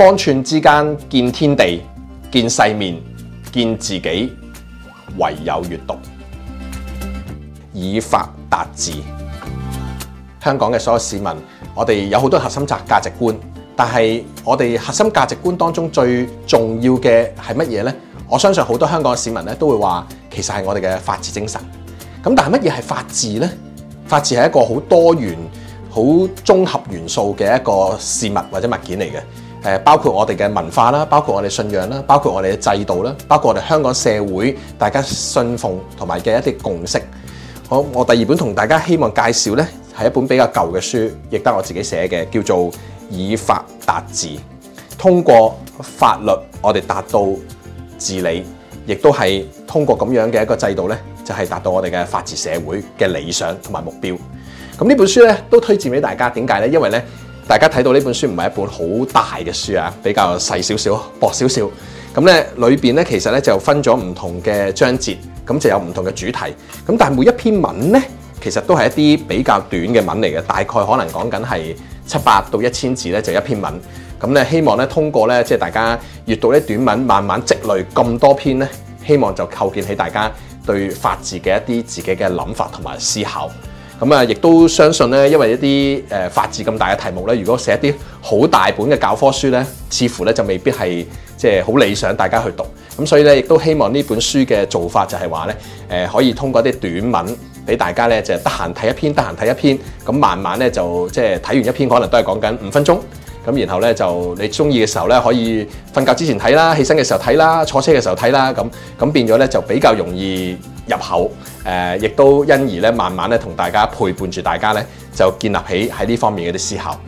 方寸之間見天地，見世面，見自己，唯有閱讀以法達治。香港嘅所有市民，我哋有好多核心價值觀，但係我哋核心價值觀當中最重要嘅係乜嘢呢？我相信好多香港市民咧都會話，其實係我哋嘅法治精神。咁但係乜嘢係法治呢？法治係一個好多元、好綜合元素嘅一個事物或者物件嚟嘅。誒包括我哋嘅文化啦，包括我哋信仰啦，包括我哋嘅制度啦，包括我哋香港社會大家信奉同埋嘅一啲共識。好，我第二本同大家希望介紹咧，係一本比較舊嘅書，亦得我自己寫嘅，叫做以法達治。通過法律，我哋達到治理，亦都係通過咁樣嘅一個制度咧，就係達到我哋嘅法治社會嘅理想同埋目標。咁呢本書咧都推薦俾大家，點解咧？因為咧。大家睇到呢本書唔係一本好大嘅書啊，比較細少少，薄少少。咁咧裏邊咧其實咧就分咗唔同嘅章節，咁就有唔同嘅主題。咁但係每一篇文咧，其實都係一啲比較短嘅文嚟嘅，大概可能講緊係七百到一千字咧就一篇文。咁咧希望咧通過咧即係大家閲讀呢短文，慢慢積累咁多篇咧，希望就構建起大家對法治嘅一啲自己嘅諗法同埋思考。咁啊，亦都相信咧，因為一啲誒法治咁大嘅題目咧，如果寫一啲好大本嘅教科書咧，似乎咧就未必係即係好理想，大家去讀。咁所以咧，亦都希望呢本書嘅做法就係話咧，誒可以通過啲短文俾大家咧，就係得閒睇一篇，得閒睇一篇，咁慢慢咧就即係睇完一篇可能都係講緊五分鐘。咁然後咧就你中意嘅時候咧可以瞓覺之前睇啦，起身嘅時候睇啦，坐車嘅時候睇啦，咁咁變咗咧就比較容易。入口，誒，亦都因而咧，慢慢咧，同大家陪伴住大家咧，就建立起喺呢方面嘅啲思考。